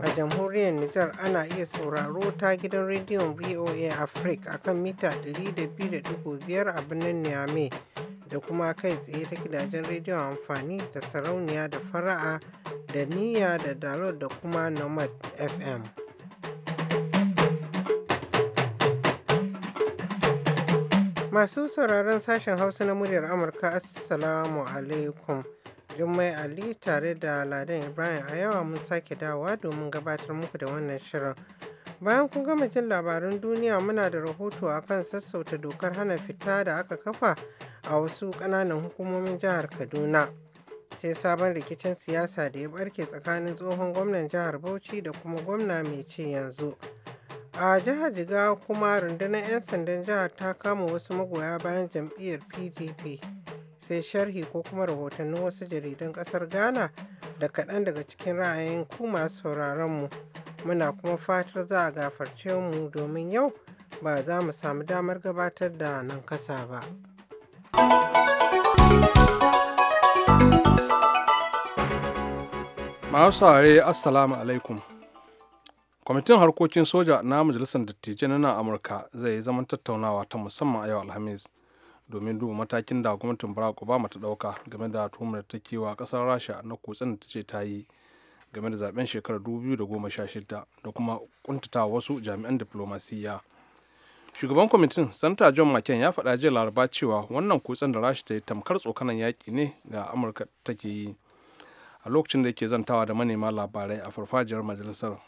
A jamhuriyar Nijar ana iya sauraro ta gidan rediyon VOA Africa a kan mita 102.5 a birnin Niamey da kuma kai tsaye ta gidajen rediyon amfani da sarauniya da fara'a da niyya da dalo da kuma nomad FM. Masu sauraron sashen Hausa na muryar Amurka, Assalamu alaikum. Jummai Ali tare da Ladan Ibrahim a yawa mun sake dawa domin gabatar muku da wannan shirin. Bayan kun gama jin labarun duniya muna da rahoto a kan sassauta dokar hana fita da aka kafa a wasu ƙananan hukumomin jihar Kaduna. Sai sabon rikicin siyasa da ya barke tsakanin tsohon gwamnan jihar Bauchi da kuma gwamna mai ce yanzu. a jihar jigawa kuma rundunar 'yan sandan jihar ta kama wasu magoya bayan jam'iyyar pdp sai sharhi ko kuma rahotannin wasu jaridan kasar Ghana da kaɗan daga cikin ra'ayin ku masu sauraron mu Muna kuma fatar za a gafarce mu domin yau ba za mu samu damar gabatar da nan kasa ba. Masu saurare Assalamu alaikum. kwamitin harkokin soja na majalisar dattijai na amurka zai yi zaman tattaunawa ta musamman a yau alhamis domin duba matakin da gwamnatin barack obama ta dauka game da tuhumar ta kewa kasar rasha na kutsen da ta ce ta yi game da zaben shekarar 2016 da kuma kuntata wasu jami'an diplomasiya. shugaban kwamitin santa john mccain ya faɗa jiya laraba cewa wannan kutsen da rasha ta yi tamkar tsokanan yaƙi ne ga amurka take yi a lokacin da yake zantawa da manema labarai a farfajiyar majalisar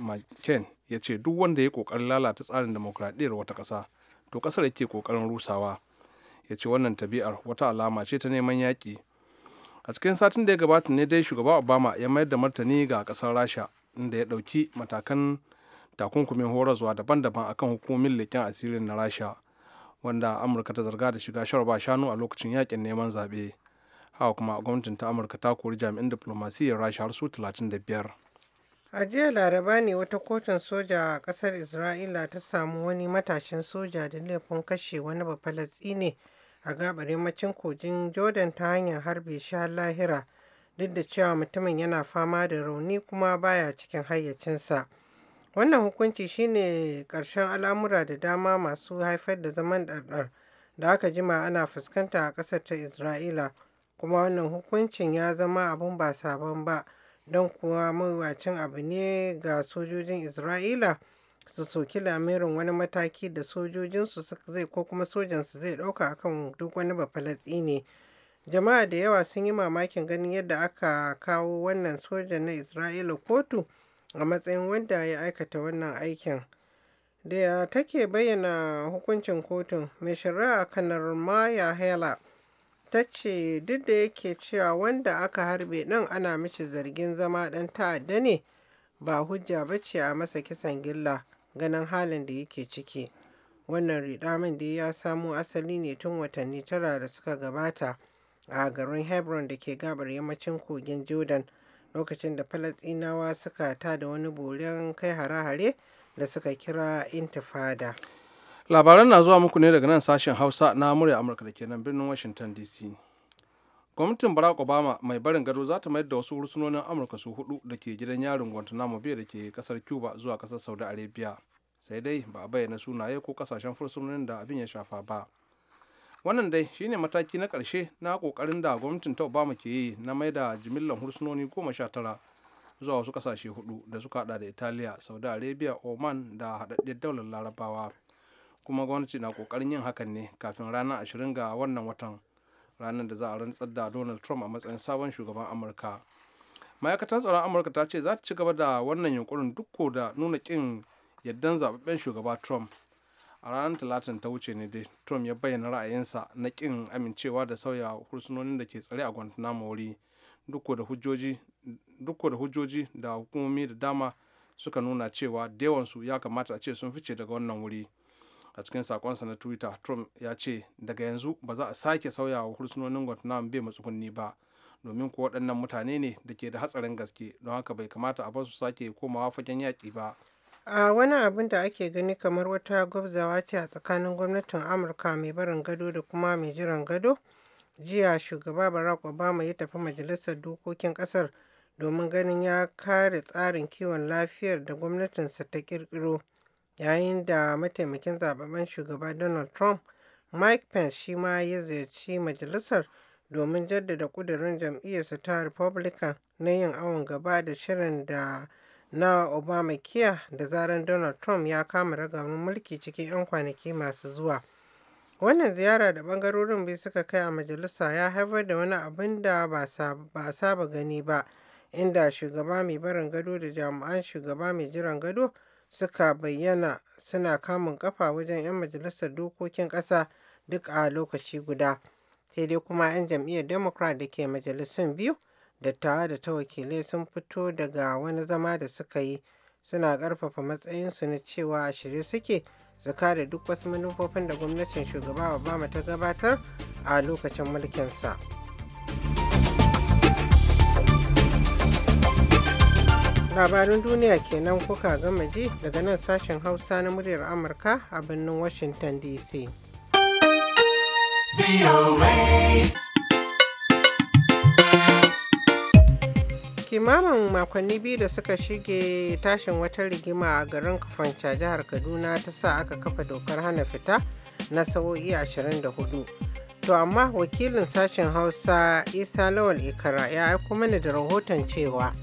mccain ya ce duk wanda ya yi ƙoƙarin lalata tsarin demokradiyyar wata ƙasa to ƙasar yake kokarin rusawa ya ce wannan tabi'ar wata alama ce ta neman yaƙi a cikin satin da ya gabata ne dai shugaba obama ya mayar da martani ga ƙasar rasha inda ya ɗauki matakan takunkumin horaswa daban-daban akan hukumomin leƙen asirin na rasha wanda amurka ta zarga da shiga shawar ba shanu a lokacin yakin neman zaɓe haka kuma gwamnatin ta amurka ta kori jami'in diplomasiyyar rasha har su 35 a jiya laraba ne wata kotun soja a kasar isra'ila ta samu wani matashin soja da laifin kashe wani bafalatsi ne a gabar yammacin kogin jordan ta hanyar harbi shi lahira duk da cewa mutumin yana fama da rauni kuma baya cikin hayyacinsa wannan hukunci shine karshen al'amura da dama masu haifar da zaman ɗarɗar da aka jima ana fuskanta a ƙasar ta isra'ila kuma wannan hukuncin ya zama abun ba sabon ba don kuwa mawacin abu ne ga sojojin isra'ila su soki lamirin wani mataki da sojojinsu zai ko kuma sojansu zai ɗauka akan duk wani bafalatsi ne jama'a da yawa sun yi mamakin ganin yadda aka kawo wannan soja na isra'ila kotu a matsayin wanda ya aikata wannan aikin da ya take bayyana hukuncin kotun mai shari'a kanar maya hela ta ce duk da yake cewa wanda aka harbe ɗin ana mishi zargin zama ɗan ta'adda ne ba hujja ba ce a masa kisan gilla ganin halin da yake ciki wannan ridamin da ya samo asali ne tun watanni tara da suka gabata a garin hebron da ke gabar yammacin kogin jordan lokacin da falasinawa suka ta da wani boren kai hare-hare da suka kira intifada labaran na zuwa muku ne daga nan sashen hausa na murya amurka da ke nan birnin washington dc gwamnatin barack obama mai barin gado za ta mayar da wasu hursunonin amurka su hudu da ke gidan yarin guantanamo bay da ke kasar cuba zuwa kasar saudi arabia sai dai ba a bayyana sunaye ko kasashen fursunonin da abin ya shafa ba wannan dai shine mataki na karshe na kokarin da gwamnatin ta obama ke yi na mai da jimillan hursunoni goma sha tara zuwa wasu kasashe hudu da suka hada da italiya saudi arabia oman da haɗaɗɗiyar daular larabawa kuma gwamnati na kokarin yin hakan ne kafin ranar ashirin ga wannan watan ranar da za a rantsar da donald trump a matsayin sabon shugaban amurka ma'aikatan tsaron amurka ta ce za ta ci gaba da wannan yunkurin duk da nuna kin yardan zababben shugaba trump a ranar talatin ta wuce ne dai trump ya bayyana ra'ayinsa na kin amincewa da sauya hursunonin da ke tsare a guantanamo wuri duk da hujjoji da hukumomi da dama suka nuna cewa da yawansu ya kamata a ce sun fice daga wannan wuri. a cikin sakonsa na twitter trump ya ce daga yanzu ba za a sake sauyawa hursunonin guantanamo bai matsugunni ba domin ko waɗannan mutane ne da ke da hatsarin gaske don haka bai kamata a bar su sake komawa fagen yaƙi ba a wani abin da ake gani kamar wata gwabzawa ce a tsakanin gwamnatin amurka mai barin gado da kuma mai jiran gado jiya shugaba barack obama ya tafi majalisar dokokin kasar domin ganin ya kare tsarin kiwon lafiyar da gwamnatinsa ta kirkiro yayin da mataimakin zababben shugaba Donald Trump Mike Pence shi ma ya ziyarci majalisar domin jaddada ƙudurin jam'iyyarsa ta Republican na yin awon gaba da shirin da na obama Obamacare da zaran Donald Trump ya kama ragamin mulki cikin 'yan kwanaki masu zuwa. Wannan ziyara da bangarorin biyu suka kai a majalisa ya haifar da wani abin da ba saba gani ba, inda shugaba mai barin gado da jami'an shugaba mai jiran gado suka bayyana suna kamun kafa wajen 'yan majalisar dokokin ƙasa duk a lokaci guda sai dai kuma 'yan jam'iyyar democrat da ke majalisun biyu dattawa da ta wakilai sun fito daga wani zama da suka yi suna ƙarfafa matsayinsu na cewa a shirye suke su kare duk wasu manufofin da gwamnatin shugaba obama ta gabatar a lokacin mulkinsa. labarin duniya kenan kuka gama ji daga nan sashen hausa na muryar amurka a birnin washington dc kimamin makonni biyu da suka shige tashin wata rigima a garin kafanca jihar kaduna ta sa aka kafa dokar hana fita na sa'o'i 24 to amma wakilin sashen hausa isa lawal ikara ya aiko mana da rahoton cewa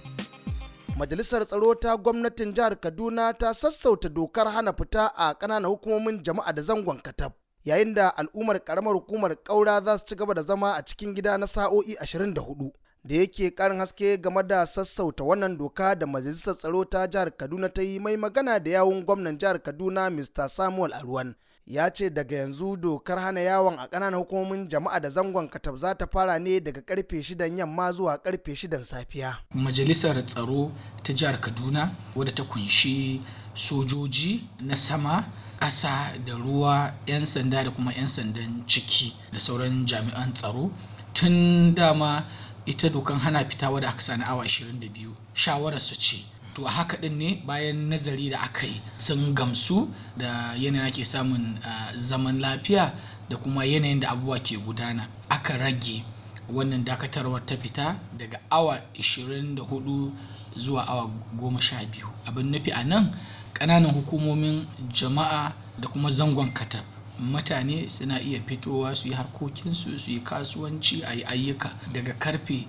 majalisar tsaro ta gwamnatin jihar kaduna ta sassauta dokar hana fita a ƙananan hukumomin jama'a da zangon katab yayin da al'ummar karamar hukumar ƙaura za su ci gaba da zama a cikin gida na sa'o'i 24 da yake karin haske game da sassauta wannan doka da majalisar tsaro ta jihar kaduna ta yi mai magana da yawun gwamnan jihar kaduna mr samuel aruwan ya ce daga yanzu dokar hana yawon a ƙananan hukumomin jama'a da zangon katab za ta fara ne daga karfe shidan yamma zuwa karfe shidan safiya majalisar tsaro ta jihar kaduna wadda ta kunshi sojoji na sama ƙasa da ruwa 'yan sanda da kuma 'yan sandan ciki da sauran jami'an tsaro tun dama ita dokan hana fita wadda aka sani awa 22 shawararsu ce to a haka din ne bayan nazari da aka yi sun gamsu da yanayin ake samun zaman lafiya da kuma yanayin da abubuwa ke gudana aka rage wannan dakatarwar ta fita daga awa 24 zuwa awa 12 abin nufi a nan ƙananan hukumomin jama'a da kuma zangon kata mutane suna iya fitowa su yi harkokinsu su yi kasuwanci a yi ayyuka daga karfe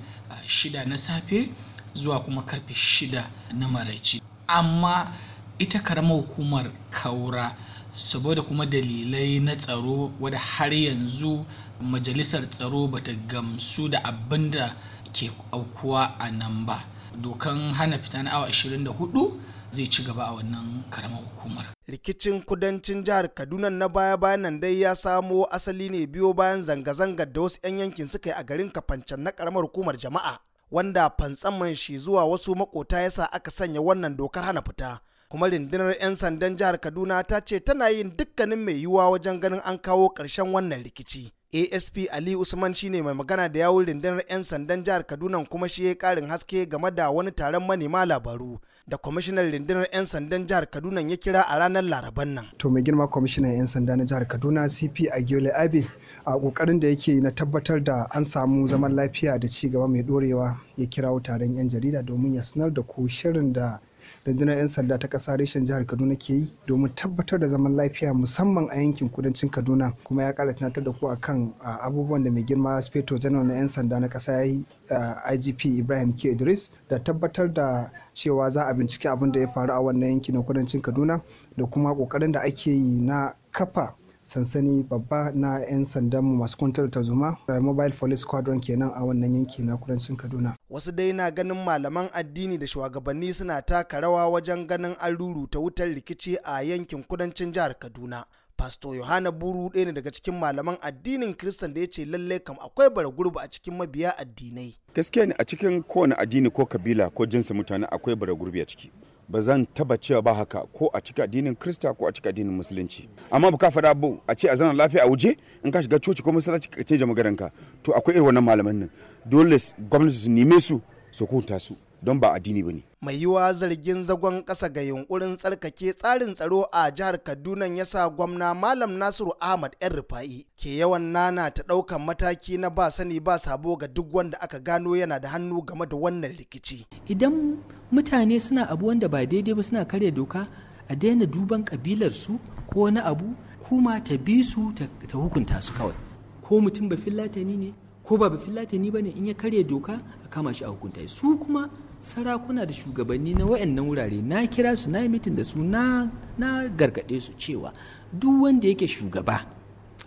6 na safe zuwa kuma karfe shida na maraice amma ita karamar hukumar kaura saboda kuma dalilai na tsaro wadda har yanzu majalisar tsaro bata gamsu da abin da ke aukuwa a nan ba dokan hana fita na awa 24 zai ci gaba a wannan karamar hukumar rikicin kudancin jihar kaduna na baya bayan nan dai ya samo asali ne biyo bayan zanga-zangar da wasu 'yan yankin suka yi a garin kafancan na karamar hukumar jama'a wanda fantsamman shi zuwa wasu makota yasa aka sanya wannan dokar hana fita kuma rundunar 'yan sandan jihar kaduna ta ce tana yin dukkanin mai yiwuwa wajen ganin an kawo ƙarshen wannan rikici asp ali usman shine mai magana da yawun rundunar 'yan sandan jihar kaduna kuma shi ya karin haske game da wani taron manema labaru da kwamishinan rundunar 'yan sandan jihar kaduna ya kira a ranar laraban nan to mai girma kwamishinan 'yan sanda na jihar kaduna cp agiole abe a kokarin da yake na tabbatar da an samu zaman lafiya da ci gaba mai dorewa ya kirawo taron 'yan jarida domin ya sanar da ko shirin da rundunar 'yan sanda ta kasa reshen jihar kaduna ke yi domin tabbatar da zaman lafiya musamman a yankin kudancin kaduna kuma ya kara tunatar da ku akan abubuwan da mai girma speto janar na 'yan sanda na kasa ya yi igp ibrahim k idris da tabbatar da cewa za a bincike abin da ya faru a wannan yanki na kudancin kaduna da kuma kokarin da ake yi na kafa sansani babba na 'yan sandan masu kwantar tarzoma da mobile police squadron kenan a wannan yanki na kudancin kaduna wasu dai na ganin malaman addini da shugabanni suna taka rawa wajen ganin an ruruta wutar rikici a yankin kudancin jihar kaduna pastor Yohana Buru ɗaya ne daga cikin malaman addinin Kiristan da ya ce lalle kam akwai bara gurbi a cikin mabiya addinai. Gaskiya ne a cikin kowane addini ko kabila ko jinsin mutane akwai bara gurbi a ciki. ba zan taba cewa ba haka ko a cikin addinin krista ko a cikin addinin musulunci amma ba ka faɗa abu a ce a zana lafiya a wuje in ka shiga coci ko masallaci ka canja magaranka to akwai irin wannan malaman nan dole gwamnati su neme su su kunta su don ba addini ba ne. Mai yiwa zargin zagon ƙasa ga yunkurin tsarkake tsarin tsaro a jihar Kaduna ya sa gwamna Malam Nasiru Ahmad ‘yan rufa'i ke yawan nana ta ɗaukan mataki na ba sani ba sabo ga duk wanda aka gano yana da hannu game da wannan rikici. Idan mutane suna abu wanda ba daidai ba suna karya doka a daina duban ƙabilarsu ko wani abu kuma ta bi su ta hukunta su kawai ko mutum ba fillatani ne ko ba ba fillatani ba ne in ya karya doka a kama shi a hukunta su kuma sarakuna da shugabanni na wayannan wurare na kira su na yi mitin da su na gargaɗe su cewa duk wanda yake shugaba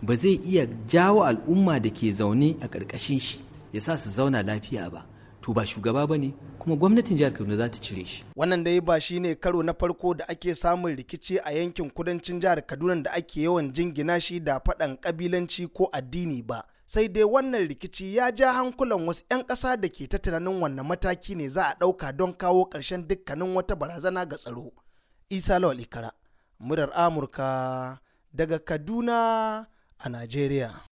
ba zai iya jawo al'umma da ke zaune a ƙarƙashin shi ya sa su zauna lafiya ba to ba shugaba ba ne kuma gwamnatin jihar kaduna za ta cire shi wannan dai ba shi ne karo na farko da ake samun rikici a yankin kudancin jihar kaduna da ake yawan jingina shi da faɗan ƙabilanci ko addini ba sai dai wannan rikici ya ja hankulan wasu 'yan ƙasa da ke ta tunanin wannan mataki ne za a ɗauka don kawo ƙarshen dukkanin wata barazana ga tsaro isa lawal ikara murar amurka daga kaduna a najeriya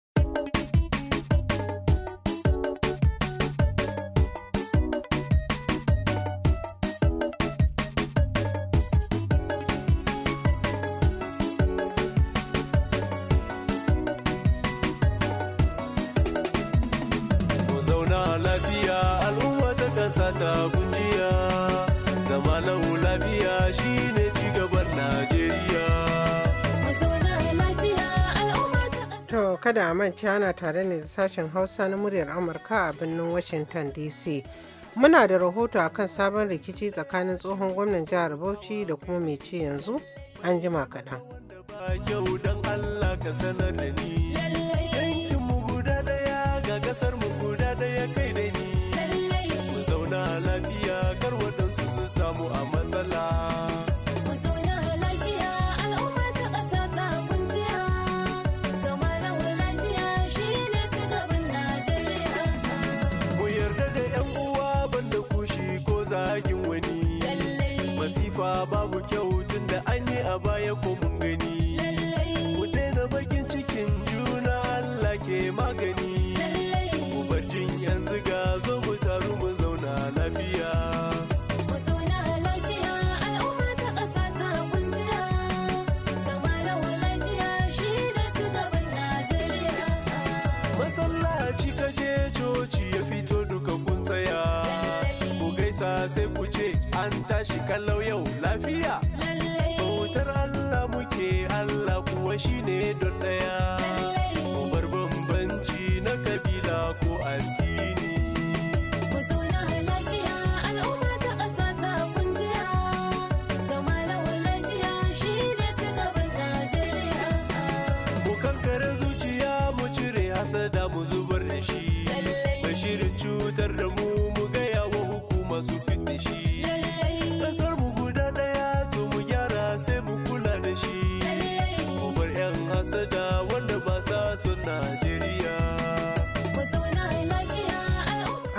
kada a manta ana tare ne da sashen Hausa na muryar Amurka a birnin Washington DC. Muna da rahoto akan sabon rikici tsakanin tsohon gwamnan jihar Bauchi da kuma mai ci yanzu an jima kaɗan. samu a matsala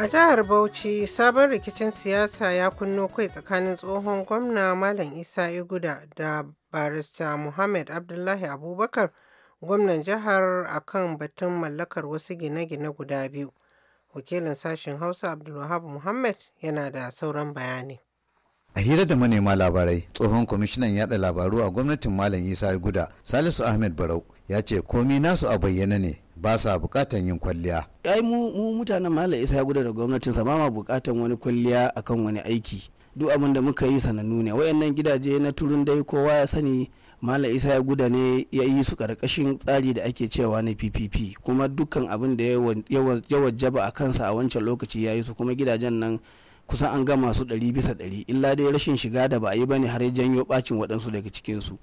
jihar Bauchi, sabon rikicin siyasa ya kunno kai tsakanin tsohon gwamna Malam Isa Iguda da barista Muhammad Abdullahi Abubakar gwamnan jihar akan batun mallakar wasu gine-gine guda biyu. Wakilin sashen Hausa Abdulwahab Muhammad yana da sauran bayani. a hira da manema labarai tsohon kwamishinan yada labaru a gwamnatin malam isa Iguda, salisu ahmed barau ya ce komi nasu a bayyana ne ba sa bukatan yin kwalliya ai mu mutanen mala isa ya gudanar da gwamnatin sa ba ma bukatan wani kwalliya akan wani aiki duk abin da muka yi sanannu ne wayannan gidaje na turun dai kowa ya sani mala isa ya guda ne ya yi su karkashin tsari da ake cewa na ppp kuma dukkan abin da ya wajaba a kansa a wancan lokaci ya yi su kuma gidajen nan kusan an gama su ɗari bisa ɗari illa dai rashin shiga da ba a yi ba ne har ya janyo bacin waɗansu daga cikinsu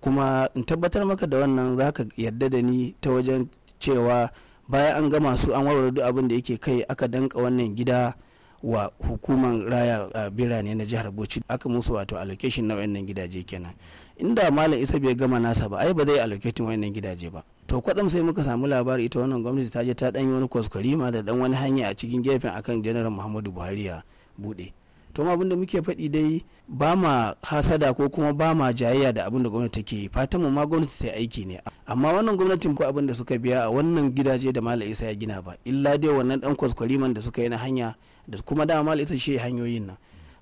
kuma in tabbatar maka da wannan za ka yadda da ni ta wajen cewa bayan an gama su an warware duk abin da yake kai aka danka wannan gida wa hukumar raya a birane na jihar bauchi aka musu wato allocation na wayannan gidaje kenan inda malam isa bai gama nasa ba ai ba zai allocate wannan gidaje ba to kwadam sai muka samu labari ita wannan gwamnati ta je ta danyi yi wani kwaskwarima da dan wani hanya a cikin gefen akan general muhammadu buhari ya bude to ma abin da muke faɗi dai ba ma hasada ko kuma ba ma jayayya da abin da gwamnati take yi fatan mu ma gwamnati ta aiki ne amma wannan gwamnatin ko abinda suka biya a wannan gidaje da malam isa ya gina ba illa dai wannan dan kwaskwariman da suka yi na hanya da kuma da malam isa shi hanyoyin nan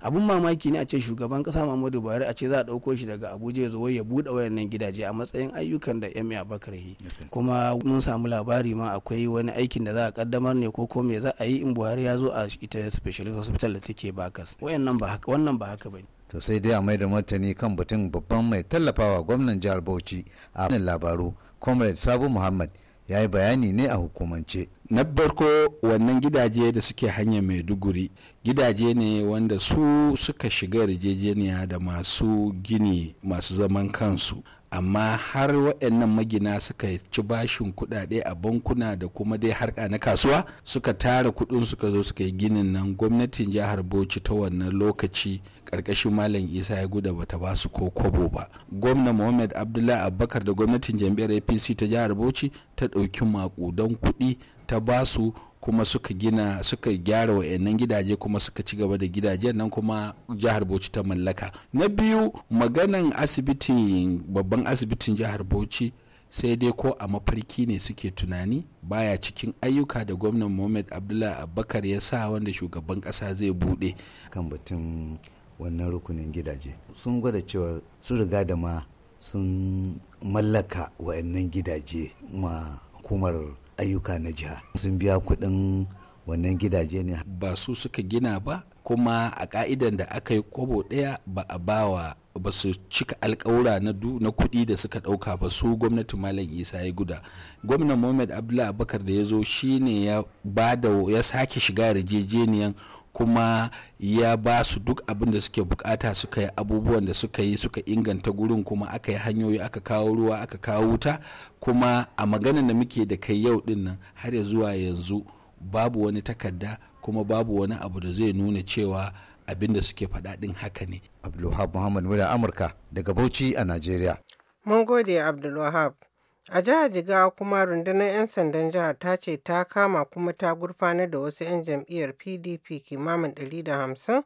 abun mamaki ne a ce shugaban kasa muhammadu buhari a ce za a dauko shi daga abuja ya zo ya buɗe wayannan gidaje a matsayin ayyukan da yan abakar yi kuma mun samu labari ma akwai wani aikin da za a kaddamar ne ko ko me za a yi in buhari ya zo a ita specialist hospital da take bakas wayannan ba haka wannan ba haka bane to sai dai a mai da martani kan batun babban mai tallafawa gwamnan jihar bauchi a labaru comrade sabu muhammad ya yi bayani ne a hukumance na farko wannan gidaje da suke hanyar maiduguri gidaje ne wanda su suka shiga yarjejeniya da masu gini masu zaman kansu amma har waɗannan magina suka ci bashin kuɗaɗe a bankuna da kuma dai harka na kasuwa suka tara kuɗin suka zo suka yi ginin nan gwamnatin jihar bauchi ta wannan lokaci karkashin malam isa ya guda bata ba su ko kobo ba gwamna mohamed abdullahi abubakar da gwamnatin jam'iyyar apc ta jihar bauchi ta ɗauki makudan kuɗi ta ba su kuma suka gina suka gyara wa'annan gidaje kuma suka ci gaba da gidaje nan kuma jihar bauchi ta mallaka na biyu maganan asibitin babban asibitin jihar bauchi sai dai ko a mafarki ne suke tunani baya cikin ayyuka da gwamnan mohamed abdullahi abubakar ya sa wanda shugaban kasa zai bude kan batun wannan rukunin gidaje sun gwada cewa su riga da ma sun mallaka wa'annan gidaje ma hukumar ayyuka na jiha sun biya kuɗin wannan gidaje ne ba su suka gina ba kuma a ka'idan da aka yi kobo ɗaya ba a bawa ba su cika alkawura na du na kuɗi da suka ɗauka ba su gwamnati malam isa ya guda gwamnan mohamed abdullahi abubakar da ya zo shi ne ya bada ya sake shiga yarjejeniyan kuma ya ba su duk abin da suke bukata suka yi abubuwan da suka yi suka inganta gurin kuma aka yi hanyoyi aka kawo ruwa aka kawo wuta kuma a maganan da muke da kai yau din har ya zuwa yanzu babu wani takarda kuma babu wani abu da zai nuna cewa abin da suke faɗa ɗin haka ne abdulwahab muhammad muna amurka daga bauchi a najeriya mun gode abdulwahab A jihar Jigawa kuma rundunar 'yan sandan jihar ta ce ta kama kuma ta gurfanar da wasu 'yan jam'iyyar PDP kimanin 150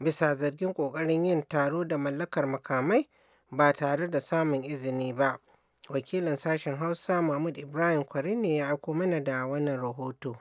bisa zargin ƙoƙarin yin taro da mallakar makamai ba tare da samun izini ba. Wakilin sashen Hausa Mahmud Ibrahim Kwari ne ya aiko mana da wannan rahoto.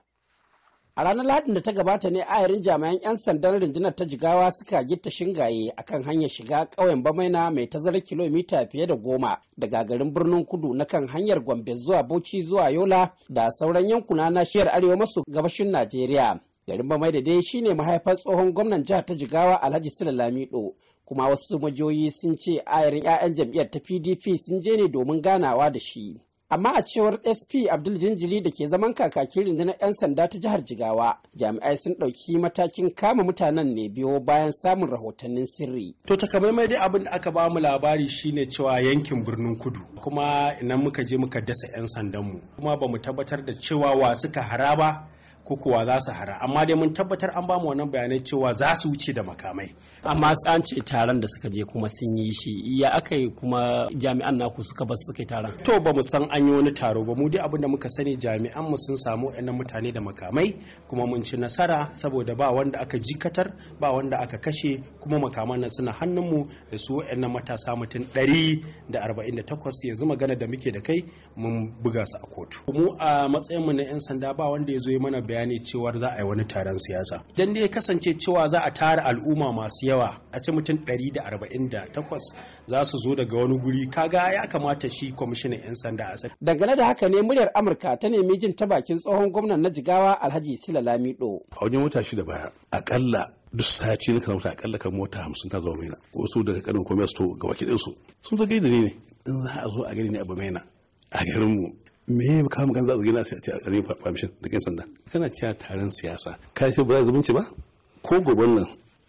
a ranar lahadin da ta gabata ne ayarin jami'an 'yan sandan rundunar ta jigawa suka gitta shingaye a kan hanyar shiga ƙauyen bamaina mai tazarar kilomita fiye da goma daga garin birnin kudu na kan hanyar gombe zuwa bauchi zuwa yola da sauran yankuna na shiyar arewa maso gabashin najeriya garin bamai da dai shine mahaifar tsohon gwamnan jihar ta jigawa alhaji sila lamido kuma wasu majoyi sun ce ayarin 'ya'yan jam'iyyar ta pdp sun je ne domin ganawa da shi amma a cewar sp abdul jinjiri da ke zaman kakakin rundunar 'yan sanda ta jihar jigawa jami'ai sun ɗauki matakin kama mutanen ne biyo bayan samun rahotannin sirri to takamaimai dai abin da aka bamu labari shine cewa yankin birnin kudu kuma inan muka je muka dasa 'yan sandanmu kuma ba mu tabbatar da cewa wa suka haraba ko kuwa za su hara amma dai mun tabbatar an bamu wannan bayanai cewa za su wuce da makamai amma an ce taron da suka je kuma sun yi shi ya aka yi kuma jami'an naku suka ba suka yi taron to ba mu san an yi wani taro ba mu dai abin da muka sani jami'an mu sun samu ɗan mutane da makamai kuma mun ci nasara saboda ba wanda aka jikatar ba wanda aka kashe kuma makaman nan suna hannunmu da su ɗan matasa mutum ɗari da arba'in da takwas yanzu magana da muke da kai mun buga su a kotu mu a matsayinmu na 'yan sanda ba wanda ya zo mana bayani bayani cewar za a yi wani taron siyasa dan dai kasance cewa za a tara al'umma masu yawa a ce mutum 148 za su zo daga wani guri kaga ya kamata shi kwamishinan 'yan sanda a sani dangane da haka ne muryar amurka ta nemi jin ta bakin tsohon gwamnan na jigawa alhaji sila lamido a wajen wata shida baya akalla duk sati na wuta akalla kan mota hamsin ta zuwa maina wasu daga kanin komai su to ga baki ɗinsu sun ta gaida ne in za a zo a gani ne abu na a garinmu me ya kawo magana za a zage na sai a ce a rin permission da kin sanda kana cewa taron siyasa ka ce ba za zumunci ba ko gobon nan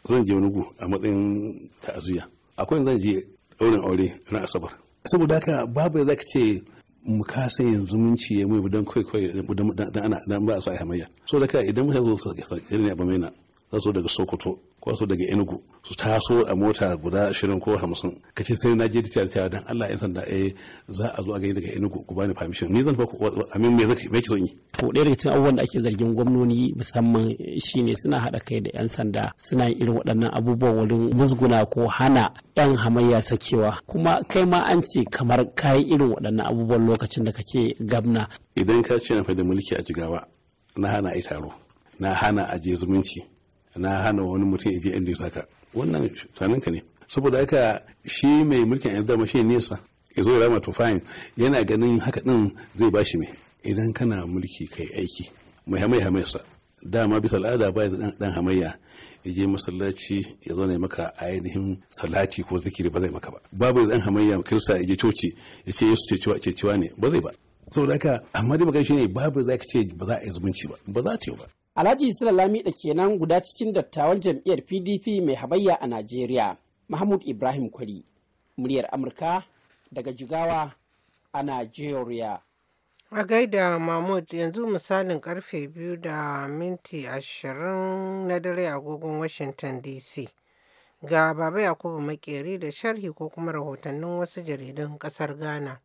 zan je wani gu a matsayin ta'aziyya akwai zan je ɗaurin aure na asabar saboda haka babu ya zaka ce mu kasa yin zumunci ya mai budan kai kai dan ana dan ba su a hamayya so haka idan mutane zo su ga ne ba mai na za su daga Sokoto ko su daga enugu su taso a mota guda ashirin ko hamsin ka ce sai na je da tiyar don Allah yan sanda eh za a zo a gani daga enugu ku bani permission ni zan ba amin me zaka me son yi to ɗaya daga cikin abubuwan da ake zargin gwamnoni musamman shine suna haɗa kai da yan sanda suna yin irin waɗannan abubuwan wurin musguna ko hana yan hamayya sakewa kuma kai ma an ce kamar ka yi irin waɗannan abubuwan lokacin da kake gabna idan ka ce na fa da mulki a jigawa na hana yi taro na hana a je zumunci na hana wani mutum ya je inda ya saka wannan sananka ne saboda haka shi mai mulkin yanzu dama shi nesa ya zo ya rama fine yana ganin haka din zai bashi mai idan kana mulki kai aiki mai hamai sa. dama bisa al'ada ba ya dan hamayya ya je masallaci ya zo ne maka ainihin salati ko zikiri ba zai maka ba babu dan hamayya kirsa ya je coci ya ce yesu cewa cewa ne ba zai ba saboda haka amma dai magana ne babu za ka ce ba za a yi zumunci ba ba za ta yi ba Alhaji Lami da kenan guda cikin dattawan jam'iyyar PDP mai habayya a Najeriya, Mahmud Ibrahim Kwari, muryar Amurka daga Jigawa a Najeriya. A gaida Mahmud yanzu misalin karfe biyu da minti ashirin na dare agogon Washington DC. Ga Baba Yakubu Makeri da sharhi ko kuma rahotannin wasu jaridun ƙasar Ghana.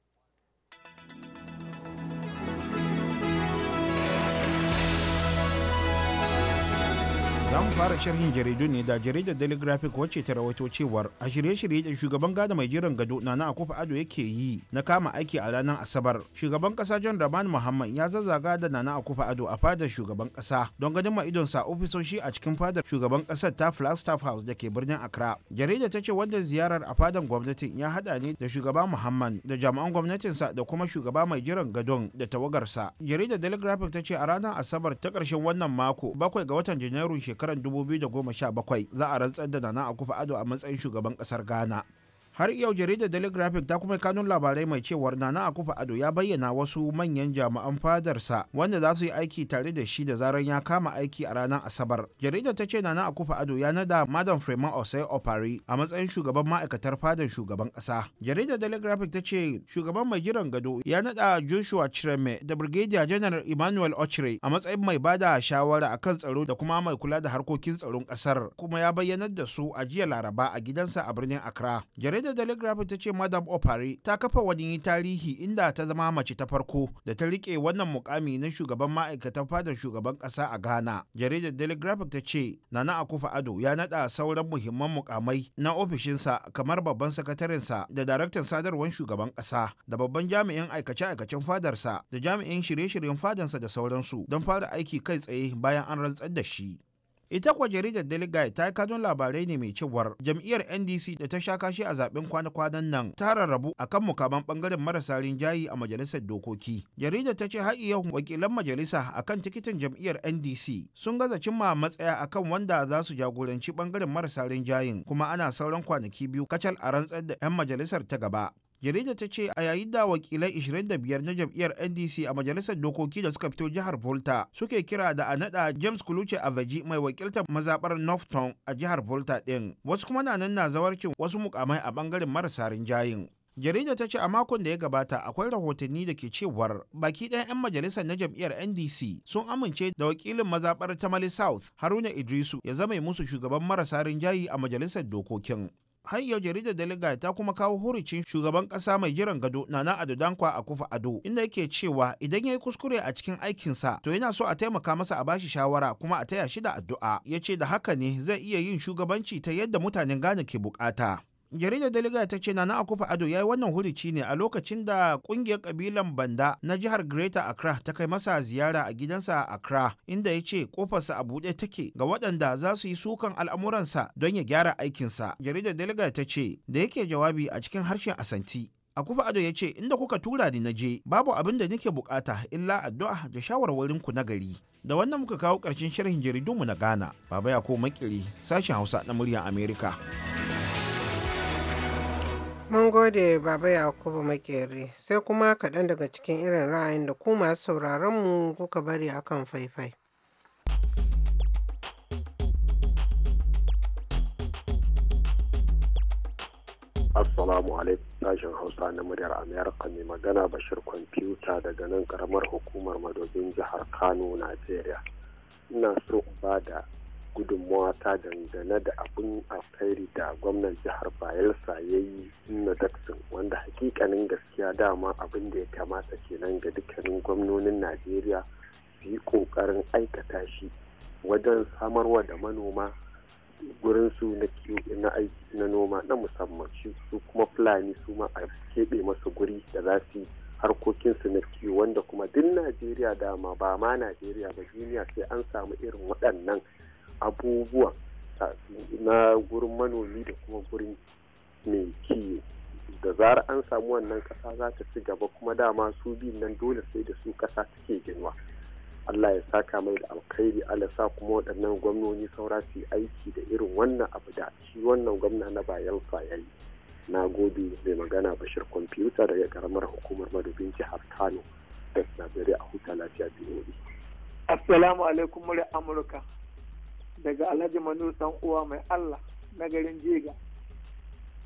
za mu fara sharhin jaridu ne da jaridar daily graphic wacce ta rawaito cewar a shirye-shirye da shugaban gada mai jiran gado nana akufa ado yake yi na kama aiki a ranar asabar shugaban kasa john rahman muhammad ya zazzaga da nana akufa ado a fadar shugaban kasa don ganin ma idon sa ofisoshi a cikin fadar shugaban kasar ta flagstaff house da ke birnin accra jaridar ta ce wannan ziyarar a fadar gwamnatin ya hada ne da shugaba muhammad da jami'an gwamnatinsa da kuma shugaba mai jiran gadon da tawagarsa jaridar daily graphic ta ce a ranar asabar ta karshen wannan mako bakwai ga watan janairun shekarar shekarar 2017 za a rantsar da nana akufa ado a matsayin shugaban kasar ghana har yau jaridar daily graphic ta kuma kanun labarai mai cewar nana akufa ado ya bayyana wasu manyan jami'an fadarsa wanda za su yi aiki tare da shi da zarar ya kama aiki a ranar asabar jaridar ta ce nana akufa ado ya nada madam freeman osei opari a matsayin shugaban ma'aikatar fadar shugaban kasa jaridar daily graphic ta ce shugaban mai jiran gado ya nada joshua chireme da brigadier general emmanuel ochre a matsayin mai bada shawara a kan tsaro da kuma mai kula da harkokin tsaron kasar kuma ya bayyanar da su a jiya laraba a gidansa a birnin accra jaridar jaridar telegraph ta ce madam opare ta kafa wani tarihi inda ta zama mace ta farko da ta rike wannan mukami na shugaban ma'aikatan fadar shugaban kasa a ghana jaridar telegraph ta ce nana akufa ado ya nada sauran muhimman mukamai na ofishinsa kamar babban sakatarinsa da daraktan sadarwar shugaban kasa da babban jami'in aikace-aikacen fadarsa da jami'in shirye-shiryen fadarsa da sauransu don fara aiki kai tsaye bayan an rantsar da shi ita kuwa jaridar guide ta yi kanun labarai ne mai cewar jam'iyyar ndc da ta sha kashi a zaben kwana-kwanan nan ta rarrabu kan mukaman bangaren marasa rinjayi a majalisar dokoki jaridar ta ce har yau wakilan majalisa a kan tikitin jam'iyyar ndc sun gaza cimma matsaya kan wanda za su jagoranci bangaren marasa rinjayin kuma ana sauran kwanaki biyu kacal a rantsar da 'yan majalisar ta gaba jarida ta ce a yayin da wakilai 25 na jam'iyyar ndc a majalisar dokoki da suka fito jihar volta suke kira da a nada james kuluce avaji mai wakiltar mazabar northton a jihar volta din wasu kuma na nan na zawarcin wasu mukamai a bangaren marasa rinjayin jarida ta ce a makon da ya gabata akwai rahotanni da ke cewar baki ɗayan 'yan majalisar na jam'iyyar ndc sun amince da wakilin mazaɓar tamale south haruna idrisu ya zama musu shugaban marasa rinjayi a majalisar dokokin har yau jaridar Deliga ta kuma kawo hurucin shugaban kasa mai jiran gado Nana Ado Dankwa a kufa Ado inda yake cewa idan ya yi kuskure a cikin aikinsa to yana so a taimaka masa a bashi shawara kuma a taya shi da addu'a ya ce da haka ne zai iya yin shugabanci ta yadda mutanen Ghana ke bukata. jaridar daliga ta ce nana akufa ado ya yi wannan hurici ne a lokacin da kungiyar kabilan banda na jihar greater accra ta kai masa ziyara a gidansa a accra inda ya ce kofarsa a buɗe take ga waɗanda za su yi sukan al'amuransa don ya gyara aikinsa jaridar daliga ta ce da yake jawabi a cikin harshen asanti akufa ado ya ce inda kuka tura ni na je babu abin da nake bukata illa addu'a da shawarwarinku na gari da wannan muka kawo ƙarshen sharhin jaridunmu na ghana baba ya ko makiri sashen hausa na muryar america Mun gode Baba Yakubu Makeri sai kuma kaɗan daga cikin irin ra'ayin da ku masu sauraron mu kuka bari akan faifai. Assalamu alaikum sashen Hausa na muryar Amerika mai magana Bashir Kwamfuta daga nan karamar hukumar madobin jihar Kano, Najeriya. Ina so ba da gudunmawa ta dangane da abun alkhairi da gwamnan jihar bayelsa ya yi na daksin wanda hakikanin gaskiya dama abin da ya kamata kenan ga dukkanin gwamnonin najeriya su yi kokarin aikata shi wajen samarwa da manoma gurinsu na aiki na noma na musamman su kuma fulani su ma a keɓe masu guri da za su harkokin harkokinsu na kiwo wanda kuma duk najeriya dama ba ma najeriya ba duniya sai an samu irin waɗannan abubuwa na gurin manomi da kuma gurin mai kiwo da zarar an samu wannan kasa za ta ci gaba kuma dama su biyun nan dole sai da su kasa suke ginwa Allah ya saka mai da alkhairi Allah sa kuma waɗannan gwamnoni saura su aiki da irin wannan abu da shi wannan gwamna na bayan yayi yi na gobe mai magana bashir kwamfuta daga karamar hukumar madubin jihar kano da sinadari a huta lafiya biyu assalamu alaikum murya amurka daga alhaji manu san uwa mai allah na garin jega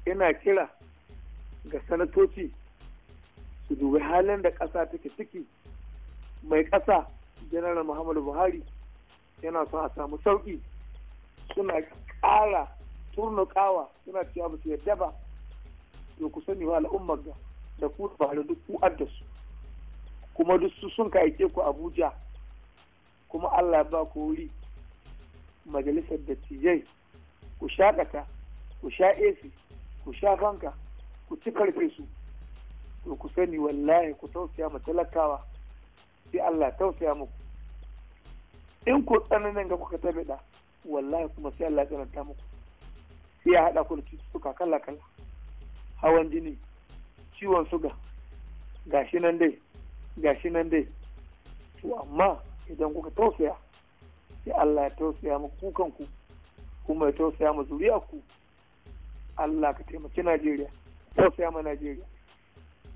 ina kira ga sanatoci su dubi halin da ƙasa take ciki mai ƙasa general muhammadu buhari yana son a samu sauƙi suna ƙara turnukawa suna cewa ba su yadda ba to ku sani wa al'ummar ga da ku buhari duk ku addasu su kuma duk su sun ka aike ku abuja kuma allah ba ku wuri majalisar dattijai ku sha ƙasa ku sha ac ku sha fanka ku ci karfe su to ku sani wallahi ku tausaya ma talakawa sai Allah tausaya muku in ku tsananin ga kuka ta bida wallahi kuma sai Allah tsananta muku sai ya haɗa ku da cututtuka kala kala hawan jini ciwon suga gashi nan dai gashi nan dai to amma idan kuka tausaya sai Allah ya tausaya mu kukanku kuma ya tausaya mu zuriya ku Allah ka taimaki Najeriya tausaya mu Najeriya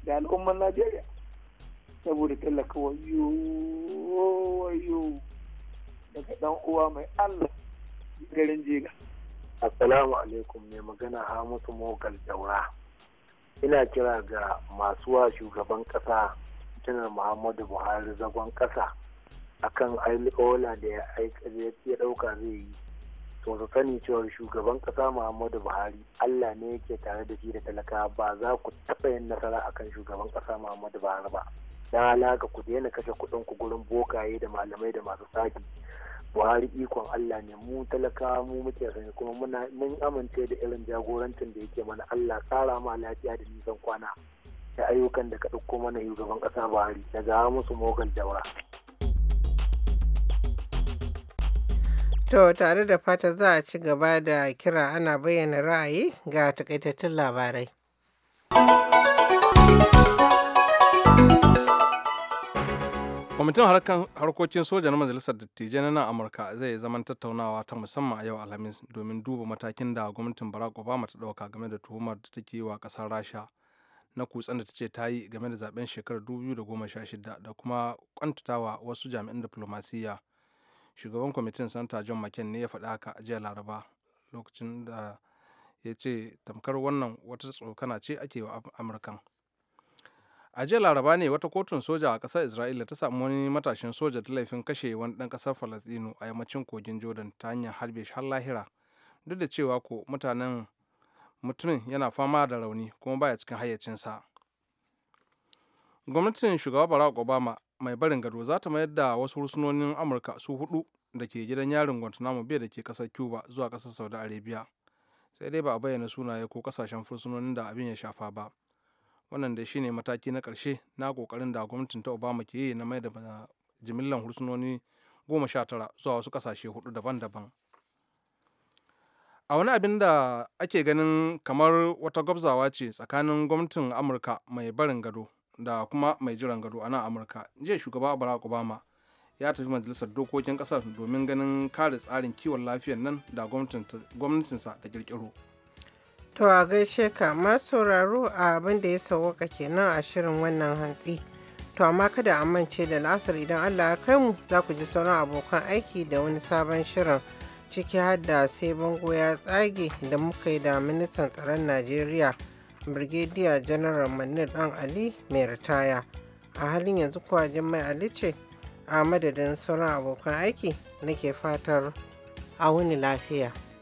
da al'umman Najeriya saboda tallaka wayo wayo daga dan uwa mai Allah garin Jega Assalamu alaikum mai magana Hamisu Mogal Daura ina kira ga masuwa shugaban kasa janar Muhammadu Buhari zagon kasa akan ola da ya ɗauka zai yi to su sani cewa shugaban kasa muhammadu buhari allah ne yake tare da shi da talaka ba za ku taɓa yin nasara akan shugaban kasa muhammadu buhari ba na alaka ku daina kashe kuɗin ku gurin bokaye da malamai da masu saki buhari ikon allah ne mu talaka mu muke sani kuma muna mun amince da irin jagorancin da yake mana allah tsara ma lafiya da nisan kwana da ayyukan da ka ɗauko mana shugaban ƙasa buhari daga musu mogal daura. To tare da fata za a ci gaba da kira ana bayyana ra'ayi ga takaitattun labarai. Kwamitin harkokin soja na Majalisar Dattijai na nan Amurka zai zaman tattaunawa ta musamman a yau Alhamis domin duba matakin da gwamnatin Barack Obama ta ɗauka game da tuhumar da take yi wa kasar Rasha na kutsen da ta ce ta yi game da zaben shekarar 2016 da kuma kwantatawa wasu jami'an diplomasiyya. shugaban kwamitin santa john mccain ne ya faɗa haka a jiya laraba lokacin da ya ce tamkar wannan wata tsokana ce ake wa amurkan a jiya laraba ne wata kotun soja a ƙasar isra'ila ta samu wani matashin soja da laifin kashe wani ɗan ƙasar falastinu a yammacin kogin jordan ta hanyar harbe shi har lahira duk da cewa ko mutanen mutumin yana fama da rauni kuma baya cikin hayyacinsa gwamnatin shugaba barack obama mai barin gado za ta mayar da wasu hursunonin amurka su hudu da ke gidan yarin guantanamo bay da ke kasar cuba zuwa kasar saudi arabia sai dai ba a bayyana sunaye ko kasashen fursunonin da abin ya shafa ba wannan da shine mataki na karshe na kokarin da gwamnatin ta obama ke yi na mai da jimillan hursunoni goma sha tara zuwa wasu kasashe hudu daban-daban a wani abin da ake ganin kamar wata gwabzawa ce tsakanin gwamnatin amurka mai barin gado da kuma mai jiran gado a nan amurka jiya shugaba barack obama ya tafi majalisar dokokin kasar domin ganin kare tsarin kiwon lafiyar nan da gwamnatinsa da kirkiro to a gaishe ka masu sauraro a abin da ya sauwaka kenan a shirin wannan hantsi to amma kada a mance da lasar idan allah ya kai mu za ku ji sauran abokan aiki da wani sabon shirin ciki har da sai bango ya tsage da muka yi da ministan tsaron najeriya brigadier general manir dan ali mai ritaya a halin yanzu kuwa Jummai ali ce a madadin sauran abokan aiki nake fatar a wuni lafiya